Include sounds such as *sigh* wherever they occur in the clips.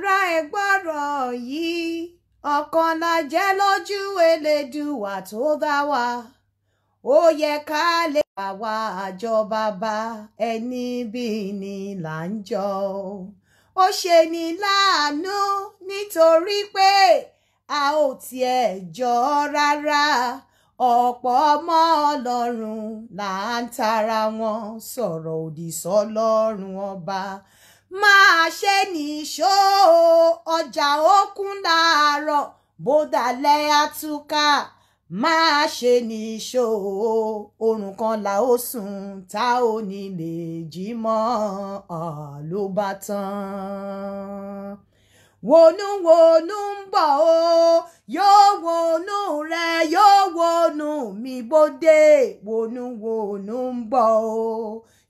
ará ẹ gbọ́rọ̀ yìí ọ̀kan la jẹ́ lójú elédùwà tó dá wa ó yẹ ká lè àwa àjọ bàbá ẹni bíi ni là ń jọ ó ṣe ni láàánú nítorí pé a ò tiẹ̀ jọ rárá ọ̀pọ̀ ọmọ ọlọ́run là ń tara wọn sọ̀rọ̀ òdì sọlọ́run ọba máa ṣe nìṣó ọjà ó kún láàárọ̀ bódàlẹ̀ àtúkà máa ṣe nìṣó oorun kan là ó sùn tá ò ní lè jí mọ́ ló bá tán wonú wonú ń bọ̀ o yóò wonú rẹ yóò wonú mi bóde wonú wonú ń bọ̀ o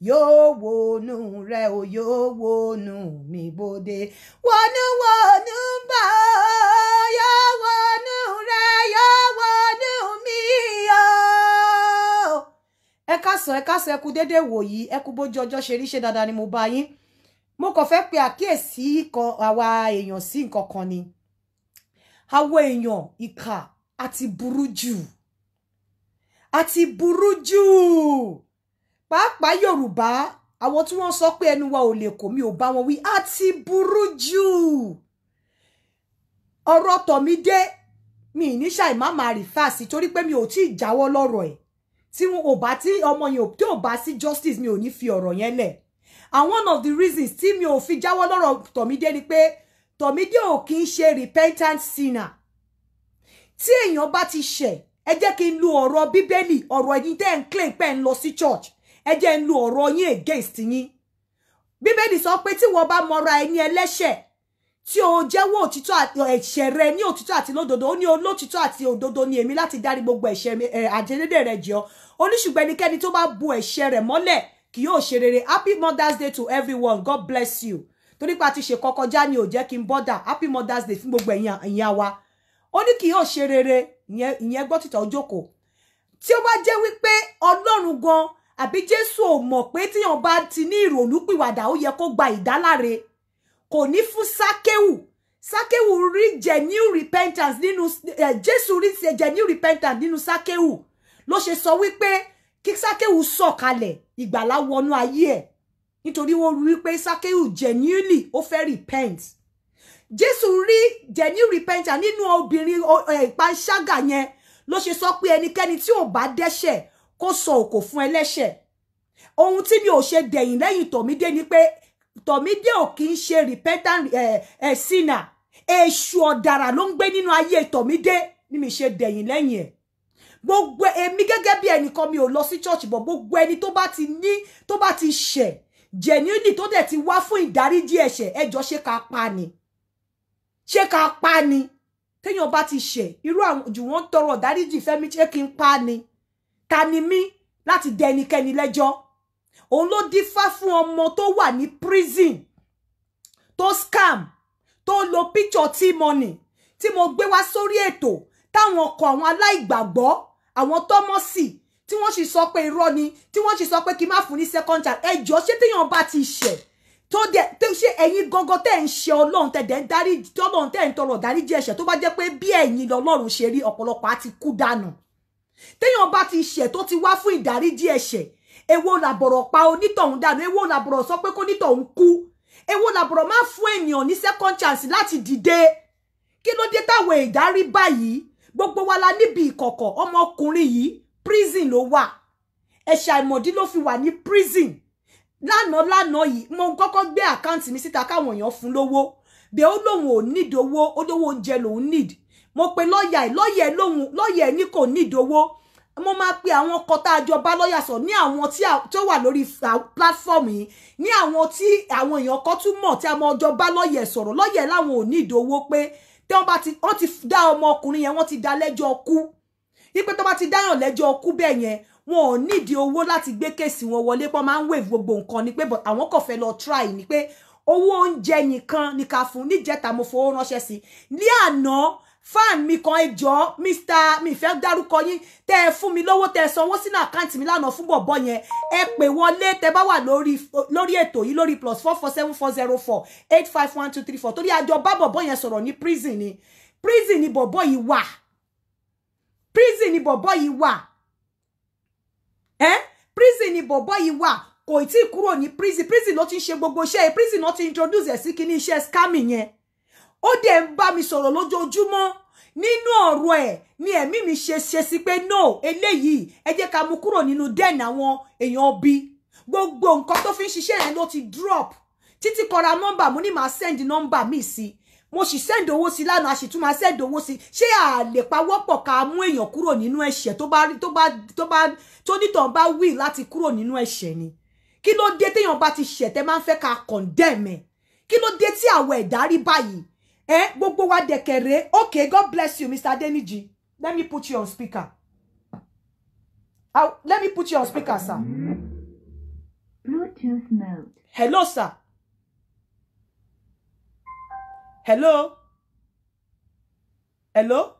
yóò wọnú rẹ o yóò wọnú mi bòde wọnú wọnú bá ọ yóò wọnú rẹ yóò wọnú mi o. ẹ kásán ẹ kásán ẹ kú dédé wòyí ẹ kú bójú ọjọ́ ṣe rí ṣe dáadáa ni mo bá yín mo kàn fẹ́ pe àkíyèsí kan àwa èèyàn sí nǹkan kan ni àwa èèyàn ìkà àti burú jù àti burú jù pàápàá yorùbá àwọn tí wọ́n sọ pé ẹnu wa ò lè kò mí ò bá wọn wí á ti burú jù ọ̀rọ̀ tọ̀mídé mi ní ṣàì má máa rí fáàsì torí pé mi ò tí ì jáwọ́ lọ́rọ̀ ẹ̀ tí ò bá tí ọmọ yẹn tí ò bá sí justice mi ò ní fi ọ̀rọ̀ yẹn lẹ̀ and one of the reasons tí mi ò fi jáwọ́ lọ́rọ̀ tọ̀mídé ni pé tọ̀mídé ò kì í ṣe repentant sinner tí èèyàn bá ti ṣẹ̀ ẹ jẹ́ kí n lu ọ̀rọ̀ bíbélì ọ̀rọ̀ ẹ̀yin tẹ́ ń claim pé ń lọ sí church ẹ ń lo ọ̀rọ̀ yín against yín bíbélì sọ pé tí wọ́n bá mọra ẹni ẹlẹ́ṣẹ̀ tí o jẹ́wọ́ òtítọ́ ẹ̀ṣẹ̀ rẹ ní òtítọ́ àti lódodo ó ní olótítọ́ àti òdodo ni èmi láti dárí gbogbo ẹ̀ṣẹ̀ àjẹdédé rẹ jẹ́ ọ ẹnikẹ́ni tó bá bu ẹ̀ṣẹ̀ rẹ̀ mọ́lẹ̀ kì yóò ṣe rere happy mother's day to everyone god bless you torí pa ti ṣe kọkọjá ni ò jẹ́ kí n bọ́dà happy mother's day fún gbogbo ẹ̀yin ìyá wa ó ní kì yóò ṣe rere ìyẹn gbọ́ títọ́ ojókòó tí ó bá jẹ́ wípé ọlọ́run gan-an àbí jésù ò mọ̀ pé tíyàn bá ti ní ìrònú pìwàdà ó yẹ kó gba ìdáláre kò ní fún sákéwù sákéwù rí genuine repentance nínú eh, jésù rí genuine repentance nínú sákéwù ló ṣe sọ wípé kí sákéwù sọ̀kalẹ̀ ìgbàlá wọnú ayé ẹ̀ nítorí wọ́n rí wípé sákéwù genuinely ó fẹ́ repent jésù rí genuine repentance nínú obìnrin ìpanṣágà yẹn ló ṣe sọ pé ẹnikẹ́ni tí ò bá dẹ́ṣẹ̀ kó sọ òkò fún ẹlẹ́ṣẹ̀ ohun tí mi ò ṣe dẹ̀yìn lẹ́yìn tọ̀mídé ni pé tọ̀mídé ò kì í ṣe repentant sinner èṣù ọ̀dàrà ló ń gbé nínú ayé tọ̀mídé ni mi ṣe dẹ̀yìn lẹ́yìn ẹ̀ gbogbo e, èmi gẹ́gẹ́ bí ẹnìkan mi ò lọ sí church bọ̀ gbogbo ẹni tó bá ti ní tó bá ti ṣẹ̀ jẹ̀níùnì tó dẹ̀ ti wá fún ìdáríjì ẹ̀ṣẹ̀ ẹjọ́ ṣé ká pa ni ṣé ká pa ni téèyàn bá ti ṣẹ̀ irú àwọn jù wọ́n tọrọ ìdáríjì fẹ́mi ṣé kí n pa ni ta ni mí láti dẹ ẹnikẹ́ni lẹ́jọ́ òun ló dífá fún ọmọ tó wà ní prison tó scam tó lo picture tí money tí mo gbé wá sórí ètò táwọn ọkọ̀ àwọn aláìgbàgbọ́ àwọn tọ́mọ́sì tí wọ́n sì sọ pé irọ́ ni tí wọ́n sì sọ pé kí n má fún ní second child ẹjọ́ ṣé téèyàn bá ti ṣẹ̀ tó dẹ tó ṣe ẹ̀yin gangan tẹ́ ń ṣe ọlọ́run tẹ́ dẹ̀ ń darí tọ́lọ́run tẹ́ ń tọrọ dáríjì ẹ̀ṣẹ̀ tó bá jẹ́ pé bí ẹ̀yin lọ́lọ́run ṣe rí ọ̀pọ̀lọpọ̀ á ti kú dànù téèyàn bá ti ṣẹ̀ tó ti wá fún ìdáríjì ẹ̀ṣẹ̀ èwo làbọ̀rọ̀ pa onítọ̀hún dànù èwo làbọ̀rọ̀ sọ pé kónítọ̀hún kú èwo làbọ̀rọ̀ má fún ènìyàn ní second chance láti dìde kí ló dé táwọn ìdárí báyìí gbogbo wa la níbi ìkọ̀kọ̀ ọmọkùnrin yìí prison ló wà ẹ̀ṣẹ̀ àìmọ̀dí ló fi wà ní prison lánàá lánàá yìí mo kọ́kọ́ gbé àkáǹtì mi síta káwọn èèyàn fún lówó be o lóun ò nídìí owó o lówó oúnjẹ lòun need mo pe lọ́ọ̀yà ẹ̀ lọ́ọ̀yà ẹ̀ lóhun lọ́ọ̀yà ẹ̀ ní kò nídòwó mo máa pe àwọn ọkọ tá a jọ bá lọ́ọ̀yà sọ ní àwọn tí ó wà lórí platform yìí ní àwọn tí àwọn èèyàn kan tún mọ̀ tí a mọ ọjọ bá lọ́ọ̀yà sọ̀rọ̀ lọ́ọ̀yà láwọn ò nídòwó pé tí wọ́n bá ti wọ́n ti dá ọmọ ọkùnrin yẹn wọ́n ti dá lẹ́jọ́ kú wípé tó bá ti dáyàn lẹ́jọ́ kú bẹ́ẹ̀ yẹn wọn ò nídìí owó láti gbé kéèsì wọn wọlé pọ́n máa ń wèé gbogbo nǹkan ni pé àwọn kò fẹ́ lọ try ni pé owó oúnjẹ nìkan ni ká fún níjẹta mo fowó ránṣẹ́ sí ní àná fan mi kan ẹ jọ̀ọ́ mr mi fẹ́ dárúkọ yín tẹ́ ẹ fún mi lówó tẹ́ ẹ sanwó sínú àkáǹtì mi lánàá fún bọ̀bọ̀ yẹn ẹ pè wọlé tẹ́ bá wà lórí lórí ètò yìí lórí plus four four seven four zero four eight five one two three four torí àjọ bá bọ̀bọ̀ yẹn sọ̀rọ̀ ní prison ni prison ni bọ̀bọ̀ yìí Wa, prison ni bọ̀bọ̀ yìí Wa, eh, prison ni bọ̀bọ̀ yìí Wa. kò ti kuro ni ní prison prison ló ti ń gbogbo iṣẹ́ prison ló ti introduce ẹ̀ sí kíní iṣẹ́ scamming yẹn ó dẹ̀ ń bá mi sọ̀rọ̀ lójoojúmọ́ nínú ọ̀rọ̀ ẹ̀ ni ẹ̀mí mi ṣe ṣe sí pé no eléyìí ẹ jẹ́ ká mú kúrò nínú den àwọn èèyàn bí gbogbo nǹkan tó fi ń ṣiṣẹ́ yẹn ló ti drop títí kọra nọ́mbà mo ní màá send nọ́mbà mi sí mo sì send owó sí lánàá a sì tún máa send owó sí ṣé a lè pawọ́pọ̀ ká mú èèyàn kúrò nínú ẹ̀ṣẹ̀ tó bá tó bá tó bá tó nítàn bá wí láti kúrò nínú ẹ̀ṣẹ̀ ni kí ló dé téèyàn bá ti ṣẹ̀ tẹ́ máa ń fẹ́ ká condemn ẹ̀ kí ló dé tí àwọ̀ ẹ̀dá rí báyìí eh, gbogbo wa dẹ̀kẹ̀rẹ́ okay God bless you Mr. Adeniji let me put you on speaker I'll, let me put you on speaker sir. Bluetooth mode. hello sir. hello. hello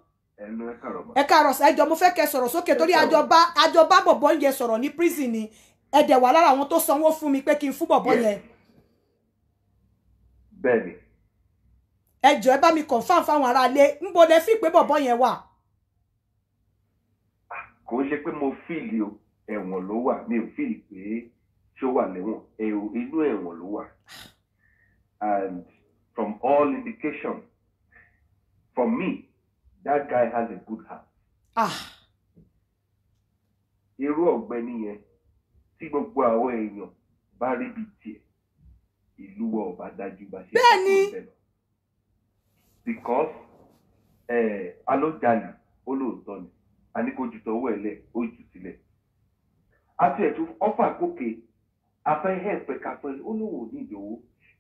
ẹ káàárọ̀ sá ẹjọ mo fẹ́ kẹ́ sọ̀rọ̀ sókè torí àjọba àjọba bọbọ yẹn sọ̀rọ̀ ní prison ni ẹdẹ wà lára àwọn tó sanwó fún mi pé kí n fún bọbọ yẹn. bẹ́ẹ̀ni ẹjọ jọ̀ọ́ ẹ bá mi confam fáwọn aráalé ńbo lẹ fi pé bọ̀bọ̀ yẹn wà. Ah, kò ń ṣe pé mo fíìlì o ẹ̀wọ̀n ló wà mi ò fíìlì pé ṣó wà lẹ́wọ̀n inú ẹwọn ló wà and from all indication for me that guy has a good heart. Ah. irú ọ̀gbẹ́ni yẹn tí gbogbo àwọn èèyàn bá ríbi tiẹ̀ ìlú wa ò dájú bá ṣe é. bẹ́ẹ̀ ni. because eh, alójalè ó lóòótọ́ ni àníkojútọ̀ owó ẹ̀ lẹ̀ ó jù sílẹ̀ àti ẹ̀tún ọ́fà gòkè afẹ́ hẹ́ẹ̀pẹ̀ kápẹ́ olówó ní ìdòwò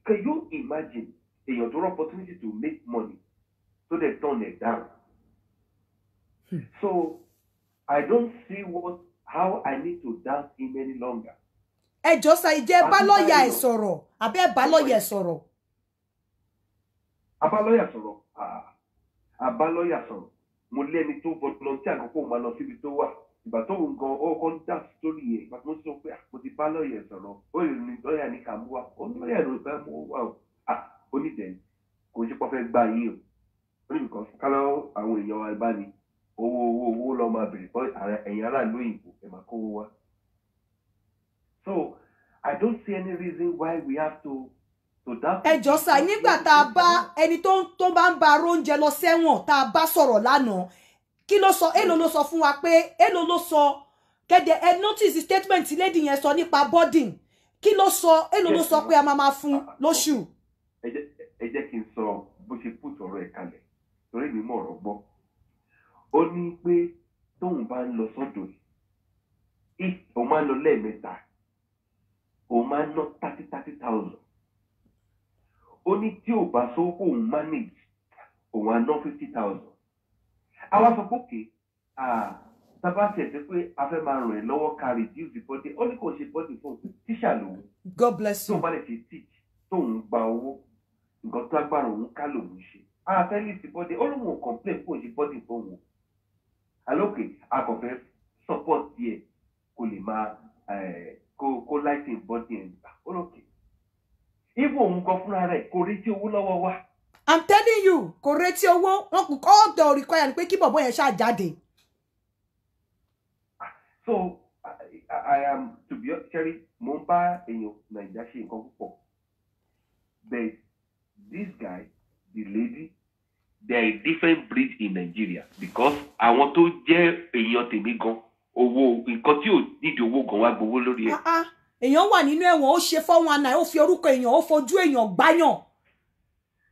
can you imagine èèyàn tó rọ opportunity to make money so they turn it down hmm. so I don't see what how I need to dance in any longer. ẹjọ́ sa ìjẹ́ bá lọ́ọ̀yà ẹ̀ sọ̀rọ̀ àbẹ́ bá lọ́ọ̀yà ẹ̀ abálọ́yà sọ̀rọ̀ abálọ́yà sọ̀rọ̀ mo lẹ́ni tó volunteer àkókò máa lọ síbi tó wà ìgbà tó ń gan ọkọ ń dá sórí ẹ̀ ìgbà tó ń sọ pé mo ti bá sọ̀rọ̀ ó lè ní lọ́yà ní kà ó ní lọ́yà ló bá mú wa o onídẹ̀ẹ́ni kò ṣe pọ́ gbá yín o ó ní nǹkan kálọ́ àwọn èèyàn wa bá ní owó owó owó lọ́ máa bèrè bọ́ ẹ̀yìn aráàlú òyìnbó ẹ̀ máa kówó wa. So I don't see any reason why we have to ẹjọ́ sá nígbà tá a bá ẹni tó bá ń ba oúnjẹ lọ sẹ́wọ̀n tá a bá sọ̀rọ̀ lánàá kí ló sọ èló ló sọ fún wa pé èló ló sọ kẹ́dẹ̀ ẹ notice statement lady yẹn sọ nípa boarding kí ló sọ èló ló sọ pé a máa máa fún lóṣù. ẹ jẹ́ kí n sọ bó ṣe put ọ̀rọ̀ ẹ̀ kalẹ̀ torí mi mọ̀ ọ̀rọ̀ gbọ́ ó ní pé tóun bá ń lọ sọ́dọ̀ yìí òun máa ń lọ lẹ́ẹ̀mẹ́ta òun máa ń ná thirty thirty thousand ó ní tí ò bá sọ kó òun manage òun á fifty thousand àwa sọ pé òkè sábà tẹ̀sí pé a fẹ́ máa ràn ẹ́ lọ́wọ́ ká reduce the body ó ní kò ṣe body fún un tíṣà lòun God bless you tó bá lè ṣe teach tóun gba owó nǹkan tó agbára òun ká lòun ṣe a fẹ́ lift body ó lóun ò complain kó ṣe body fún òun alókè akọ̀fẹ́ support díẹ̀ kó lè máa eh, kó kó lighting body ẹ̀ gbà ó lókè ibo òun kan kò retí owó lọ́wọ́ wa. i'm telling you kò retí owó wọn kò kọ́ ọ̀dọ̀ require ni pé kí bọ̀bọ̀ yẹn ṣáà jáde. so I, I am to be honest mo ń bá èèyàn nàìjíríà ṣe nǹkan púpọ̀ but this guy the lady there is different breed in Nigeria because àwọn tó jẹ́ èèyàn tèmi gan owó nǹkan tí ò nídìí owó gan wá gbowó lórí ẹ̀. Ah, ah èèyàn wà nínú ẹ̀wọ̀n ó ṣe fọ́wọ́n àná ó fi orúkọ èèyàn ó fojú èèyàn gbáyàn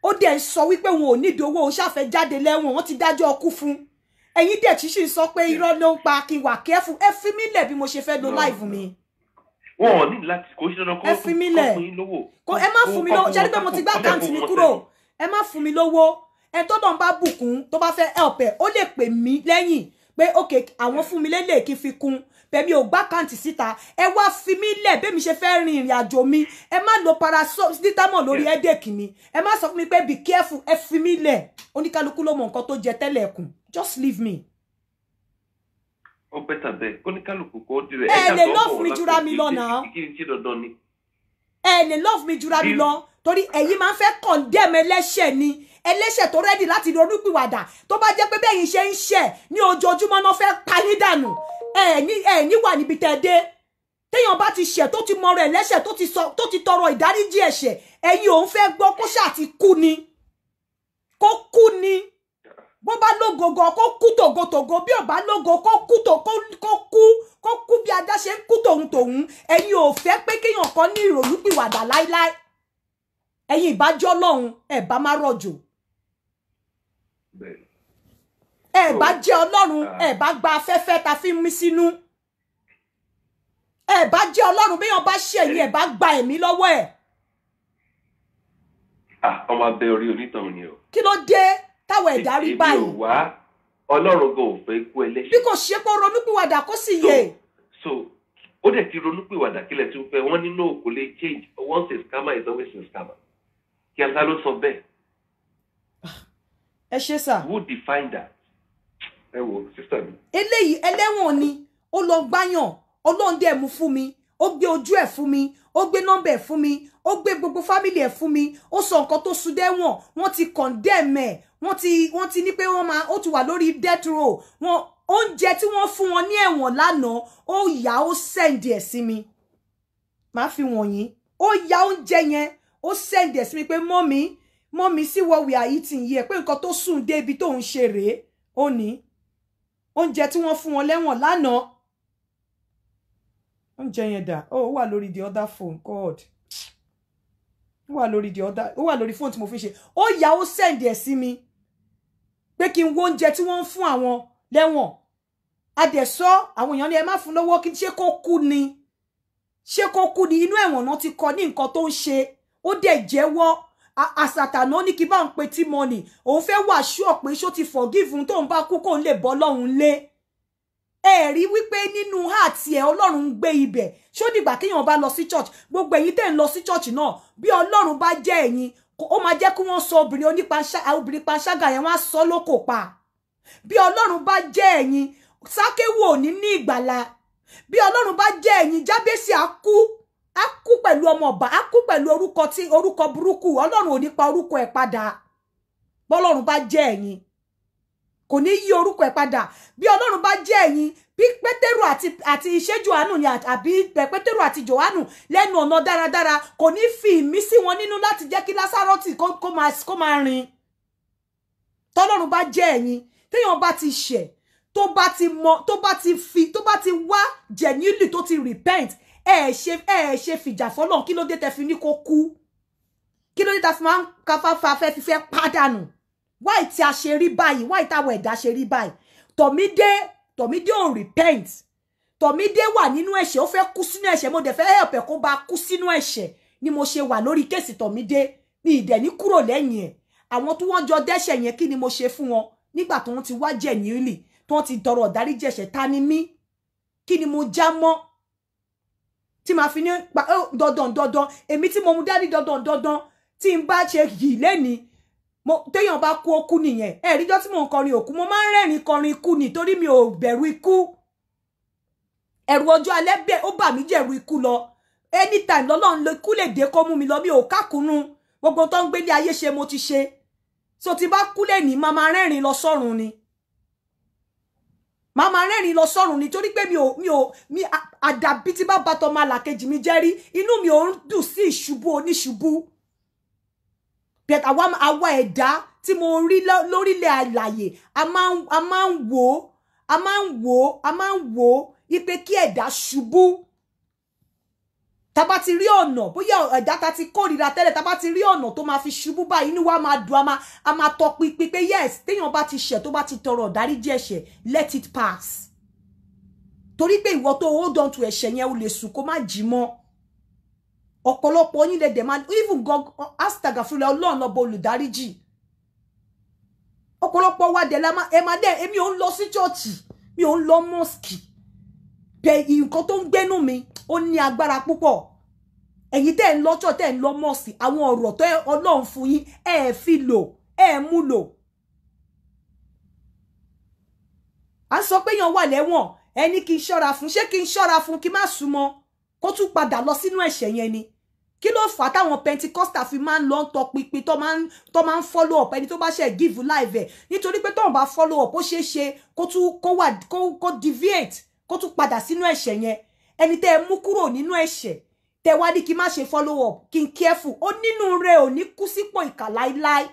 ó dẹ̀ ń sọ wípé wọn ò nídìí o òun ṣàfẹ́ jáde lẹ́wọ̀n wọ́n ti dájọ́ ọkú fún ẹ̀yin dẹ̀ ṣíṣì sọ pé irọ́ ló ń pa kí n wà kẹ́fù ẹ fi mí lẹ̀ bí mo ṣe fẹ́ lo láìfù mi wọn ò ní láti kò ṣe dandan kó fún yín lówó. kò ẹ má fún mi lówó ṣe ni pé mo ti gbá àkáǹtì mi kúrò ẹ má fún mi lówó ẹ tó dàn bá bùkún tó bá fẹ́ help ẹ ó lè pè mí lẹ́yìn pé òkè àwọn fún mi lélẹ̀ kí fi kún bẹ̀mí ò gbá kàǹtì síta ẹ wá fi mí lẹ̀ bẹ́mi ṣe fẹ́ rin ìrìn àjò mi ẹ má lo parasitamọ̀ lórí ẹ́dẹ̀kì mi ẹ má sọ fún mi pé be careful ẹ fi mí lẹ̀ oníkálukú ló mọ nǹkan tó jẹ tẹ́lẹ̀ kù just leave me. ó bẹ́tà bẹ́ẹ̀ oníkálukú kò ó dirẹ̀ ẹ̀ka tó ń bọ̀ wọ́n láti kí kí kí dandan ni ẹ lè love mi jura mi lọ torí ẹ̀yin máa ń fẹ́ condemn ẹlẹ́ṣẹ̀ ni ẹlẹ́ṣẹ̀ tó rẹ́dì láti ronúpìwàdà tó bá jẹ́ pé bẹ́yìn ṣe ń ṣẹ̀ ní ojoojúmọ́ náà fẹ́ parí dànù ẹ̀ ní wà níbi tẹ́ dé téèyàn bá ti ṣẹ̀ tó ti mọ̀rọ̀ ẹlẹ́ṣẹ̀ tó ti tọrọ ìdáríjì ẹ̀ṣẹ̀ ẹ̀yin òun fẹ́ gbọ́ kó ṣáà ti kú ni kó kú ni bó bá lógo gan kó kú tògo tògo bí ò bá lógo kó kú tó kó kú kó kú bí ajá ṣe ń kú tòun tòun ẹ̀yin ò fẹ́ pé kéèyàn kan ní ìrònú pìwàdà láíláí ẹ̀yin ìbájọ́ ọlọ́run ẹ̀ bá má rọ̀jò ẹ̀ bá jẹ́ ọlọ́run ah. ẹ̀ bá gba afẹ́fẹ́ ta fi ń mí sínú ẹ̀ bá jẹ́ ọlọ́run béèyàn bá ṣẹ̀yìn ẹ̀ bá gba ẹ̀mí lọ́wọ́ ẹ̀. Ah, ọmọ abẹ orí onítàn ni o. kí ló dé táwọn ẹ̀dá rí báyìí. èmi ò wá ọlọ́run gan ò fẹ́ kú ẹlẹ́ṣẹ̀. bí kò ṣe pé ronúpìwàdà kó sì yè. so ó dẹ̀ ti ronúpìwàdà kílẹ̀ tí ó fẹ́ wọ́n nínú òkú lè change once a scammer is always a scammer kí ata ló sọ bẹ́ẹ̀. ẹ ṣe sà. who define that. ẹ wo sísá mi. eléyìí ẹlẹ́wọ̀n ni ó lọ gbáyàn ọlọ́run dẹ̀ mú fún mi ó gbé ojú ẹ̀ fún mi ó gbé nọ́mbà ẹ̀ fún mi ó gbé gbogbo fámìlì ẹ̀ fún mi ó sọ nǹkan tó sùn dẹ́wọ̀n wọ́n ti condemn ẹ̀ wọ́n ti wọ́n ti ní pé wọ́n máa ó ti wà lórí death row wọn oúnjẹ tí wọ́n fún wọn ní ẹ̀wọ̀n lánàá ó yá ó sẹ́ǹdì ẹ̀ sí mi màá fi wọ̀nyí ó yá oúnjẹ yẹn ó sẹ́ǹdì ẹ̀ sí mi pé mọ́mi mọ́mi sí wọ́n we are eating yìí ẹ̀ pé nǹkan tó sùn dé ibi tó ń ṣe rèé ó ní oúnjẹ tí wọ́n fún wọn lẹ́wọ̀n lánàá oúnjẹ yẹn dà oh, ó wà lórí the other phone god ó wà lórí the other ó wà lórí phone tí mo fi ṣe ó yá ó send ẹ̀ sí mi pé kí n wo oúnjẹ tí wọ́n ń fún àwọn lẹ́wọ̀n adẹ̀sọ́ àwọn èèyàn ni ẹ má fún lọ́wọ́ kí ṣé kó kú ni ṣé kó kú ni inú ẹ̀wọ̀n náà ti kọ ní nǹkan tó ń ṣe ó dẹ̀ jẹ́wọ́ àsàtàná ní kí bá ń pe tí mọ́nì òun fẹ́ wà pé ṣó ti forgive òun tóun bá kú kóun lè bọ́ lọ́hùn lé ẹ rí wípé nínú àti ẹ ọlọ́run ń gbé ibẹ̀ ṣó dìgbà kéèyàn bá lọ sí church gbogbo ẹ̀yin tẹ́ ń lọ sí church náà bí ọlọ́run bá jẹ́ ẹ̀yin ó máa jẹ́ kí wọ́n sọ obìnrin onípanṣá obìnrin panṣágà yẹn wọ́n á sọ lóko pa bí ọlọ́run bá jẹ́ ẹ̀yin sákéwò ní ní ìgbàlà bí ọlọ́run bá jẹ́ ẹ̀yin jábẹ́sì á kú á kú pẹ̀lú ọmọ ọba á kú pẹ̀lú orúkọ tí orúkọ burúkú ọlọ́run ò ní pa orúkọ ẹ̀ padà bọ́lọ́run bá jẹ́ ẹ̀yin kò ní yí orúkọ ẹ̀ padà bí ọlọ́run bá jẹ́ ẹ̀yin bí pétérù àti àti iṣẹ́ johannu ni àbí pétérù àti johannu lẹ́nu ọ̀nà dáradára kò ní fi ìmísí wọn nínú láti jẹ́ kí lásàrọ́tì kó máa rìn tọ́lọ́run bá jẹ́ ẹ̀yin téèyàn bá ti ṣẹ̀ tó bá ti mọ tó bá ti fi tó bá ti wá jẹ̀nílì tó ti repent ẹ̀ ṣe ẹ̀ ṣe fìjà fọ́lọ́run kí ló dé tẹ fi ní kó kú kí ló dé ta fi máa ń káfáfá fẹ́ fi fẹ́ pádànù why tí a ṣe rí báyìí why táwọn ẹ̀dá ṣe rí báyìí Tomide, Tomide ò repent Tomide wà nínú ẹ̀ṣẹ̀ ó fẹ́ kú sínú ẹ̀ṣẹ̀ mo de fe help e kó bá kú sínú ẹ̀ṣẹ̀ ni mo ṣe wà lórí kéèsì tọ̀mídé mi ì dẹ̀ ní kúrò lẹ́yìn ẹ̀ àwọn tí wọ́n jọ dẹ́ṣẹ̀ yẹn ni mo ṣe fún wọn nígbà to wọ́n ti wá jẹ̀ nílì tí wọ́n ti dọ̀rọ̀ ọ̀dárí jẹ̀ṣẹ̀ ta ni mí mo jamo. mọ́ tí màá fi ní oh, dodon dandan èmi ti mo mu dání dodon dandan tí n bá ṣe yìí lẹ́nìí mo téèyàn bá kú ó kú nìyẹn ẹ ríjọ́ tí mò ń kọrin òkú mo máa ń rẹ́rìn kọrin ikú ni torí mi ò bẹ̀rù ikú ẹ̀rù ọjọ́ alẹ́ bẹ́ẹ̀ ó bà mí jẹ̀rù ikú lọ anytime lọ́lọ́run lè kú lè dé kó mú mi lọ mi ò kákùnú gbogbo tó ń gbé ní ayé mo ti ṣe so ti bá kú lè ní máa máa rẹ́rìn lọ sọ́run ni máa máa rẹ́rìn lọ sọ́run ni torí pé mi ò mi ò mi àdàbí tí bá bàtọ́ máa làkejì mi jẹ́rí inú mi ò ń dùn sí ìṣubú oníṣubú but àwa àwa ẹ̀dá tí mo rí lórílẹ̀ àlàyé a máa ń wò ó a máa ń wò ó a máa ń wò ó ipe kí ẹ̀dá ṣubú tàbá ti rí ọ̀nà bóyá ẹ̀dá ta ti kórìíra tẹ́lẹ̀ tàbá ti rí ọ̀nà tó máa fi ṣubú báyìí inú wa máa dùn a máa tọ pinpin pé yes téèyàn bá ti ṣẹ̀ tó bá ti tọrọ ìdáríjì ẹ̀ṣẹ̀ let it pass torí pé ìwọ tó hold on to ẹ̀ṣẹ̀ yẹn o lè sùn kó má jí mọ́ ọ̀pọ̀lọpọ̀ yín lè demand even god astaga fúnra ọlọ́run lọ́bọ olùdáríjì ọ̀pọ̀lọpọ̀ wa dẹ̀ la ẹ máa dẹ̀ èmi ò ń lọ sí chọ́ọ̀chì mi ò ń lọ mọ́sìkì bẹ nǹkan tó ń gbénú mi ó ní agbára púpọ̀ ẹ̀yin tẹ́ ẹ̀ ń lọ́jọ́ tẹ́ ẹ̀ ń lọ mọ́sì àwọn ọ̀rọ̀ tó ọlọ́run fún yín ẹ̀ fi lò ẹ̀ mú lò à ń sọ pé èèyàn wà lẹ́wọ̀n ẹni kí n ṣọ́ra fún ṣé kí n ṣọ́ra fún kí n má súnmọ́ kó tún padà lọ sínú ẹ̀ṣẹ̀ yẹn ni kí ló fà á táwọn pentikosta fi máa ń lọ tọ pinpin tó máa ń tó máa ń follow up ẹni tó bá ṣe give live ẹ nítorí pé tóun bá follow up ó ṣeé ṣe kó tún kó wà kó kó deviate kó tún padà sínú ẹ̀ṣẹ̀ yẹn ẹni tẹ́ ẹ mú kúrò nínú ẹ̀ṣẹ̀ tẹ́ wá ní kí má ṣe follow up kí n careful ó nínú rẹ̀ ò ní kú sípò ìkà láíláí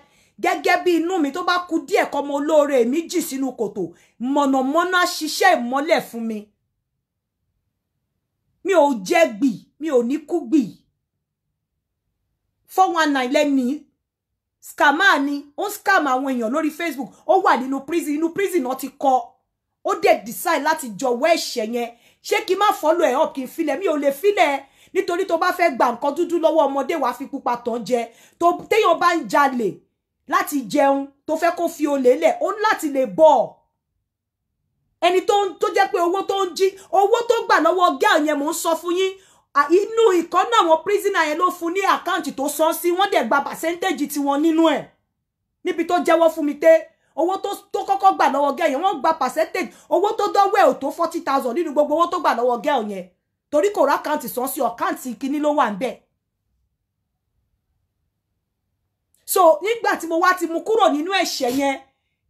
gẹ́gẹ́ bí inú mi tó bá ku díẹ̀ kọ́mọ olóore mi jì sínú kòtò mọ̀nàmọ́ná ṣiṣẹ́ ìmọ́lẹ̀ fún mi mi ò jẹ́ gbì mi ò ní kú gbì four one nine lẹ́ni scammer ni ó ń scam àwọn èèyàn lórí Facebook ó wà nínú prison inú prison náà ti kọ ó dẹ̀ decide láti jọ̀wọ́ ẹ̀ṣẹ̀ yẹn ṣé kí n má follow ẹ̀ up kí n filẹ̀ mi ò lè filẹ̀ nítorí tó bá fẹ́ gba nǹkan dúdú lọ́wọ́ ọmọdé wàá fi pupa tán jẹ tó téèyàn bá ń jalè láti jẹun tó fẹ́ kó fi olè lẹ̀ ó ní láti lè bọ̀ ẹni tó jẹ́ pé owó tó ń jí owó tó gbà lọ́wọ́ gẹ́ẹ̀ yẹn mò ń sọ fún yín inú ìkọ́ náà àwọn prisoner yẹn ló fún ní àkáǹtì tó san sí wọ́n dẹ̀ gba percentage tiwọn nínú ẹ̀ níbi tó jẹ́wọ́ fún mi tẹ́ owó tó kọ́kọ́ gbà lọ́wọ́ gẹ́ yẹn wọ́n gba percentage owó tó dọ́wọ́ ẹ̀ ò tó forty thousand nínú gbogbo owó tó gbà lọ́wọ́ gẹ́ yẹn torí kò rá àkáǹtì san sí ọ̀káǹtì kínní ló wà ń bẹ̀. so nígbà tí mo wá ti mú kúrò nínú ẹ̀ṣẹ̀ yẹn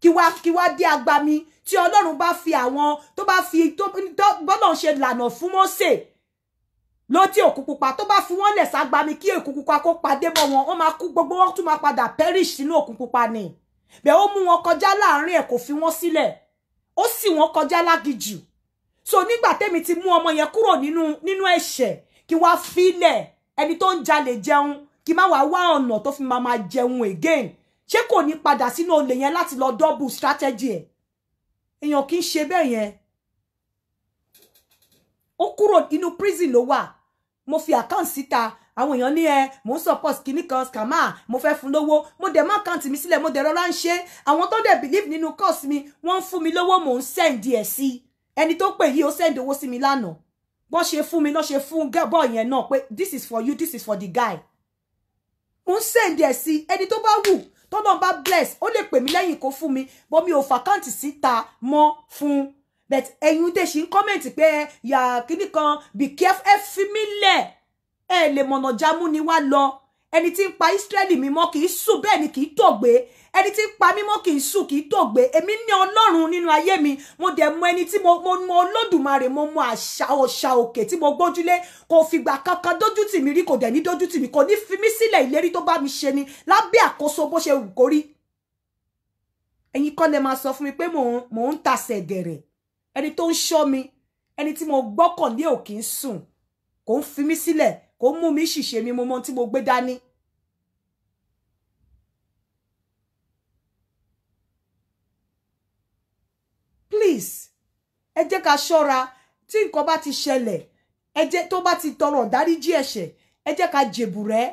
kí wá kí wá dé agba mi tí ọlọ́run bá fi àwọn tó bá fi tó bọ́lọ̀ ṣe lànà fún Mósè lóde òkú pupa tó bá fi wọ́n lẹ̀ ságbá mi kí òkú pupa kó padé bọ̀ wọn wọ́n máa kú gbogbo wọn tún máa padà perish sínú òkú pupa ni bẹ́ẹ̀ ó mú wọn kọjá láàrin ẹ̀ kò fi wọ́n sílẹ̀ ó sì wọ́n kọjá lágijù so nígbà tẹ́mi ti mú ọmọ yẹn kúrò nínú nínú ẹ̀ṣẹ̀ kí wá filẹ̀ ẹni tó ń jalè jẹun kí má wàá wá ọ̀nà tó fi máa máa jẹun again ṣé kò ní padà sínú olè yẹn láti lọ double strategy ẹ̀ èèyàn kì í ṣe bẹ́ẹ̀ yẹn ó kúrò prison ló wà mo fi àkáǹtì síta àwọn èèyàn ní ẹ mò ń support kinní kan scammer mo fẹ́ fún lówó mo dẹ̀ mú àkáǹtì mi sílẹ̀ mo dẹ̀ rọra ń ṣe àwọn tó dẹ̀ believe nínú course mi wọ́n ń fún mi lówó mò ń send ẹ̀ sí ẹni tó pè yí ó send owó sí mi lánàá bọ́n ṣe fún mi lọ́ ṣe fún gẹ́bọ̀ yẹn náà pé this is for you this is for the guy mo ń send ẹ̀ sí ẹni tó bá wù tọ́nà bá bless ó lè pè mí lẹ́yìn kó fún mi bọ́ mi ò fàkáǹtì síta mọ́ fún but ẹ̀yin tẹ̀ ṣì ń kọ́mẹ̀ntì pé yà kíní kan be careful ẹ fi mí lẹ̀ ẹ lè mọ̀nà jámú ni wá lọ ẹni tí ń pa Ísírẹ́lì mímọ́ kì í sùn bẹ́ẹ̀ ni kì í tògbé ẹni tí ń pa mímọ́ kì í sùn kì í tògbé èmi ní Ọlọ́run nínú ayé mi mo dẹ̀ mọ ẹni tí mo mọ Olódùmarè mo mọ àṣà òṣà òkè tí mo gbójúlé kò fìgbà kankan dójú tì mí rí kò dẹ̀ ní dójú tì mí kò ní fi mí sílẹ̀ ìlérí tó bá mi ṣe ni lábẹ́ àkóso bó ṣe wù kórí ẹ̀yin kọ́ lẹ máa sọ fún mi pé mò ń tasẹ̀ dẹ̀rẹ̀ ẹni tó ń ṣọ́ mi ẹni tí mo gbọ́kànlé ò kì í sùn kò ń fi mí sílẹ̀ kò ń mú mi ṣìṣe mi mo mọ tí mo gbé dání. please ẹ jẹ́ ká ṣọ́ra tí nǹkan bá ti ṣẹlẹ̀ ẹ jẹ́ tó bá ti tọrọ dáríjì ẹ̀ṣẹ̀ ẹ jẹ́ ká jèbùrẹ́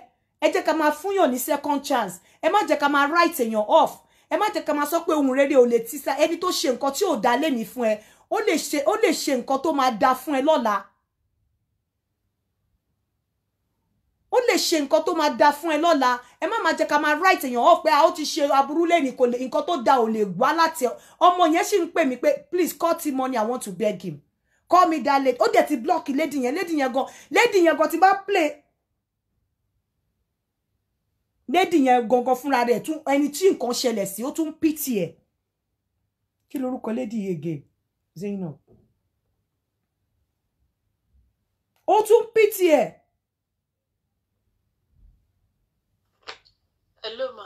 ẹ jẹ́ ká máa fúnyàn ní second chance ẹ má jẹ́ ká máa write èèyàn off ẹ má jẹ́ ká máa sọ pé ohun rere ò lè tísà ẹni tó ṣe nǹkan tí ò dá lẹ́mìí fún ẹ ó lè ṣe ó lè ṣe nǹkan tó máa da fún ẹ lọ́la ó lè ṣe nǹkan tó máa da fún ẹ lọ́la ẹ má máa jẹ́ ká máa right èèyàn ọ̀ pé a ah, ó ti ṣe aburú lẹ́ni kò lè nǹkan tó da ò lè wá láti ọmọ yẹn sì ń pè mí pé please call ti money i want to beg him call me that lady ó dẹ̀ ti block lady yẹn lady yẹn gan lady yẹn gan ti bá play lady yẹn gangan fúnra rẹ̀ tún ẹni tí nǹkan ṣẹlẹ̀ sí ó tún pity ẹ̀ kí lorúkọ lady yege. Zainab ó tún pìtì ẹ̀. hello ma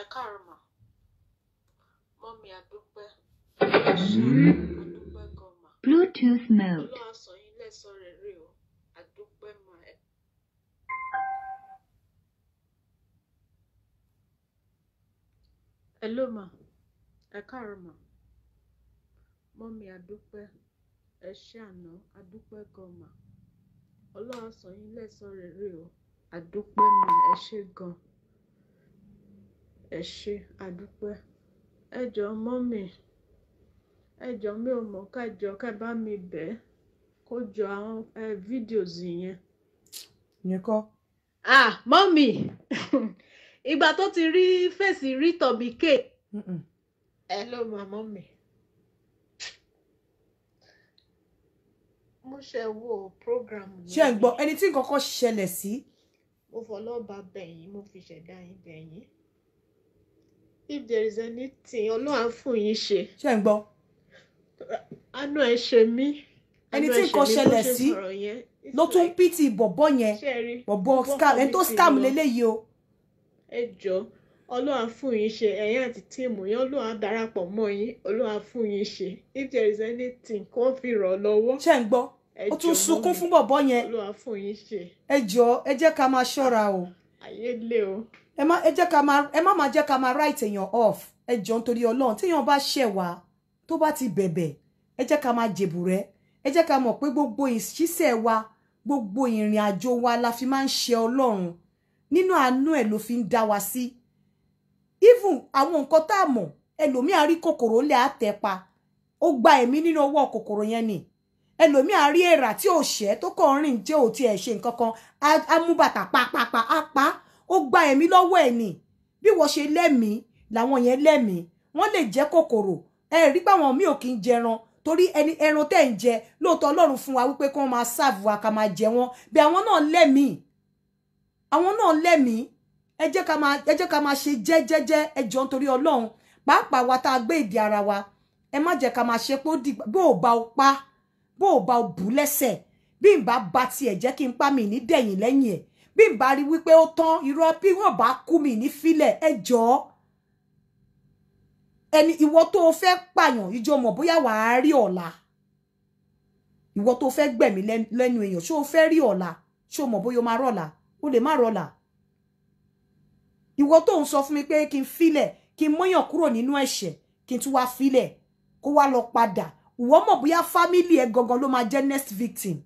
ẹ káàárọ̀ ma mọ́mí àdúpẹ́ àdúpẹ́ gan ma bluetooth mode ọlọ́wà sọ yín lẹ́sọ̀ rẹ̀ rí o àdúpẹ́ ma ẹ. hello ma ẹ káàárọ̀ ma ẹ̀gbọ́n mi adúpẹ́ ẹ ṣé àná adúpẹ́ gan mà ọlọ́run sọ yín lẹ́san rere o adúpẹ́ mà ẹ ṣé gan ẹ ṣé adúpẹ́ ẹ jọ̀ọ́ mọ́mì ẹ jọ̀ọ́ mi ò mọ̀ ká jọ ká bá mi bẹ̀ kó jọ àwọn fídíòs yẹn. yẹn ah mọ́mì *laughs* ìgbà tó ti rí fèsì rí tọ̀bí kéè. hello màmá mi. mo ṣe wo program yìí. ṣe ń gbọ́ ẹni tí nǹkan kan ṣẹlẹ̀ sí. mo fọlọ́ọ̀bà bẹ̀yìn mo fi ṣẹ̀dá yín bẹ̀yìn. if there is anything ọlọ́run á fún yín ṣe. ṣe ń gbọ́. àánú ẹ ṣe mí. ẹni tí nǹkan ṣẹlẹ̀ sí ló tún pìtì bọ̀bọ̀ yẹn bọ̀bọ̀ scam ẹni tó scam lélẹ́yìí o. ẹ jọ̀ọ́ Ọlọ́run fún yín ṣe ẹ̀yin àti tíìmù yín Ọlọ́run á darapọ̀ yín Ọlọ́run fún yín ṣe if there is anything kó fi ràn ọ́ lọ́wọ́. ṣé ń gbọ́ ó tún sunkún fún bọ̀bọ́ yẹn Ọlọ́run á fún yín ṣe. ẹ jọ ẹ jẹ́ ká máa ṣọ́ra o. ayé lé o. ẹ má ẹ jẹ́ ká máa ẹ má máa jẹ́ ká máa write èèyàn off ẹ jọ nítorí Ọlọ́run téèyàn bá ṣẹ̀ wá tó bá ti bẹ̀bẹ̀ ẹ jẹ́ ká máa jèbù rẹ ẹ jẹ́ ká mọ̀ pé gbogbo ìṣiṣẹ́ wa gbogbo ìrìn àjò wa la fi máa ń ṣe Ọlọ́run nínú àánú ẹ̀ ló fi ń dá wa sí. Si even àwọn nǹkan tá a mọ̀ ẹlòmíà rí kòkòrò lẹ́ àtẹ̀pa ó gba ẹ̀mí nínú ọwọ́ kòkòrò yẹn ni ẹlòmíà rí èèrà tí ò ṣẹ́ tó kàn ń rìn jẹ́ ò tiẹ̀ ṣe nǹkan kan á mú bàtà pàápàá apá ó gba ẹ̀mí lọ́wọ́ ẹ̀ ni bí wọ́n ṣe lẹ́mìí làwọn yẹn lẹ́mìí wọ́n lè jẹ́ kòkòrò ẹ rí pàwọn míì ò kì í jẹran torí ẹni ẹran tẹ́ ń jẹ lóòótọ́ ọlọ́run fún wa wípé kí wọ́n máa ṣáàbù wa ká máa jẹ wọ́n bí àwọn náà lẹ́mìí àwọn náà lẹ́mìí ẹ jẹ́ ká máa ẹ jẹ́ ká máa ṣe jẹ́jẹ́jẹ́ ẹ jọ nítorí ọlọ́run pàápàá wa tá a gbé ìdí ara wa ẹ má jẹ́ ká máa ṣe pé ó dìgbà bó o bá o pa bó o bá o bù lẹ́sẹ̀ bí n bá ba tiẹ̀ jẹ́ kí n pa mi ní dẹ̀yìn lẹ́yìn ẹ̀ bí n bá rí wípé ó tán irọ́ bí wọ́n bá kú mi ní filẹ̀ ẹ jọ ẹni ìwọ tó o fẹ́ pààyàn ìjọ mọ̀ bóyá wàá rí ọ̀la ìwọ tó o fẹ́ gbẹ̀mí lẹ́nu èèyàn ṣó o fẹ́ rí ọ̀la ṣó o mọ̀ bóyá o máa rọ̀la o lè má rọ̀la ìwọ tó ń sọ fún mi pé kí n filẹ̀ kí kuro mọ́yàn kúrò nínú ẹ̀ṣẹ̀ kí n tún wá filẹ̀ kó wá lọ padà ìwọ mọ̀ bóyá fámìlì ẹ gangan next victim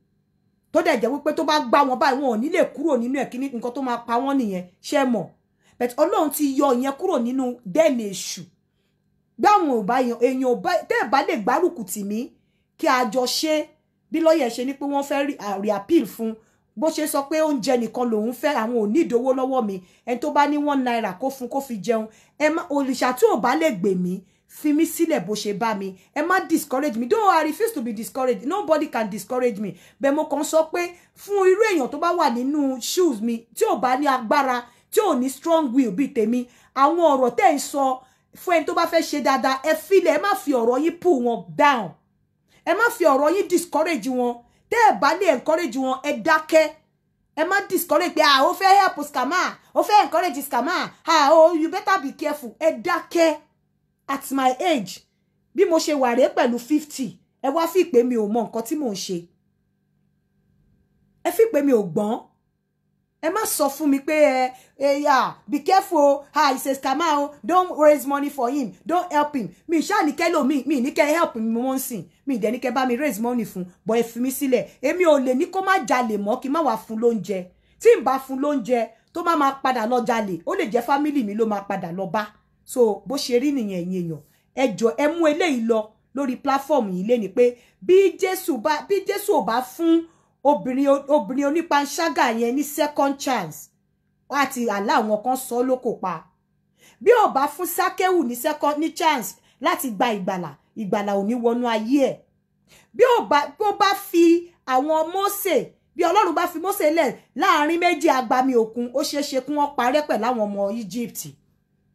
tó de jẹ́ wípé tó ba gbá wọn báyìí wọn ò ní lè kúrò nínú ẹ̀ kí nǹkan tó máa pa wọ́n nìyẹn ṣe mọ̀ but ọlọ́run ti yọ ìyẹn kúrò nínú dẹ́ẹ̀nì èṣù gbáwọn ò bá èèyàn ò bá tẹ́ ẹ̀ bá lè gbárùkù tì mí kí a jọ ṣe bí lọ́ọ̀yà ṣe ni pé wọ́n fẹ́ rí appeal fún bó ṣe sọ pé oúnjẹ nìkan lòun fẹ́ àwọn ò ní ìdówó lọ́wọ́ mi ẹni tó bá ní one naira kó fún kó fi jẹun ẹ má òrìṣà tí ò bá lè gbè mí fi mí sílẹ̀ bó ṣe bá mi ẹ má discourage me though I refuse to be discouraged nobody can discourage me bẹ́ẹ̀ mo kàn sọ pé fún irú èèyàn tó bá wà nínú shoes mi tí ò bá ní agbára tí ò ní strong will bíi tèmi àwọn ọ̀rọ̀ tẹ́ ń sọ fún ẹni tó bá fẹ́ ṣe dáadáa ẹ filẹ̀ ẹ má fi ọ̀rọ̀ yín pull wọn down ẹ má fi ọ̀rọ̀ yín discourage wọn tẹ́ ẹ̀ bá lè encourage wọn ẹ dákẹ́ ẹ má discourage pé ah o fẹ́ help scammer o fẹ́ encourage scammer ah oh you better be careful ẹ dákẹ́ at my age bí mo ṣe wà rèé pẹ̀lú fifty ẹ wá fi pé mi ò mọ nǹkan tí mò ń ṣe fi pé mi ò gbọ́n ẹ má sọ fún mi pé ẹ ẹ yà be careful o ha he says kama o don't raise money for him don't help him mi ṣáà ní kẹ́lò mi mi ní kẹ́ help mi mo ń sìn mi ìdẹ́ ní kẹ́ bá mi raise money fún bọ́ ẹ fi mi sílẹ̀ èmi ò lè ní kó má jalè mọ́ kí n má wàá fún lóúnjẹ tí n bá fún lóúnjẹ tó má máa padà lọ jalè ó lè jẹ́ fámìlì mi ló máa padà lọ bá so bó ṣe rí nìyẹn ẹ̀yin èèyàn ẹ jọ ẹ mú eléyìí lọ lórí platform yìí lé ni pé bí Jésù bá bí Jésù ò bá fún obìnrin obìnrin onípanṣágà yẹn ní second chance wọ́n àti àlá àwọn kan sọ lóko pa bí ò bá fún sákéwù ní second ní chance láti gba ìgbàlà ìgbàlà ò ní wọnú ayé ẹ̀ bí ò bá bí ó bá fi àwọn Mósè bí Ọlọ́run bá fi Mósè lẹ̀ láàrin méjì agbami òkun ó ṣeé ṣe kí wọ́n parẹ́ pẹ̀lú àwọn ọmọ Egypt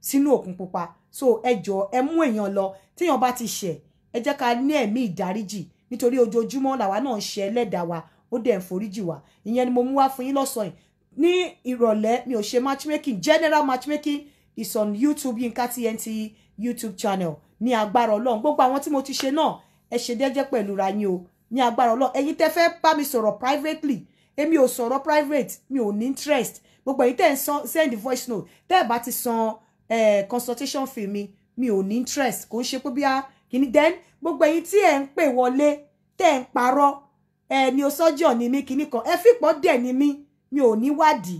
sínú òkun pupa so ẹjọ ẹ mú èèyàn lọ téèyàn bá ti ṣẹ̀ ẹ jẹ́ ká ní ẹ̀mí ìdáríjì nítorí ojoojúmọ́ làwa náà ń ṣe ẹlẹ́dàá wa ó dẹ̀ ń foríjì wá ìyẹn ni mo mú wá fún yín lọ́sàn yìí ní ìrọ̀lẹ́ mi ò ṣe matchmaking general matchmaking is on youtube yinka tnt youtube channel ní agbára ọlọ́run gbogbo àwọn tí mo ti ṣe náà ẹ ṣe dẹ́jẹ́ pẹ̀lú ra yín o ní agbára ọlọ́run ẹ̀yin tẹ́ fẹ́ bá mi sọ̀rọ̀ privately èmi ò sọ̀rọ̀ private mi ò ní interest gbogbo ẹ̀yin tẹ́ ń send voice note tẹ́ ẹ̀ bá ti san consultation fee mi mi ò ní interest kò ń ṣe pé bí a kìíní then gbogbo ẹ̀yin tí ẹ̀ ń pè wọlé tẹ́ ẹ̀ ń parọ́ ẹni o sọ́jọ́ ni mí kinní kan ẹ fìpọ́ dẹ̀ ni mí mi ò ní wádìí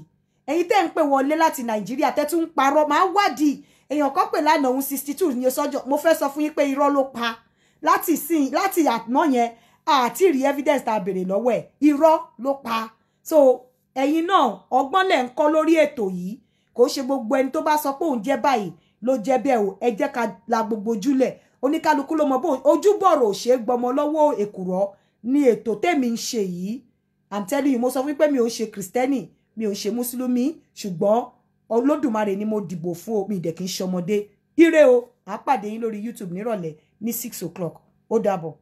ẹ̀yin tẹ́ ń pè wọlé láti nàìjíríà tẹ́ tún ń parọ́ máa wádìí èèyàn kan pè lánàá òun sixty two ni o sọ́jọ́ mo fẹ́ sọ fún yín pé irọ́ ló pa láti sìn láti àná yẹn àti rí evidence tá a béèrè lọ́wọ́ ẹ̀ irọ́ ló pa so ẹ̀yin náà ọgbọ́n lẹ̀ ń kọ́ lórí ètò yìí kò ṣe gbogbo ẹni tó bá sọ pé òun jẹ́ báyìí ló jẹ́ bẹ́ẹ̀ o ẹ jẹ́ ká la gbogbo ojúlẹ̀ oníkálukú ló mọ bó ojú bọ̀rọ̀ ò ṣeé gbọmọ lọ́wọ́ èkùrọ́ ni ètò tèmi ń ṣe yìí i'm telling you mo sọ wípé mi ò ṣe kristẹni mi ò ṣe mùsùlùmí ṣùgbọ́n olódùmarè ni mo dìbò fún omi ìdẹ̀kí ṣọmọdé ire o àá pàdé yín lórí youtube nírọ̀lẹ́ ní six o'clock ó dàbọ̀.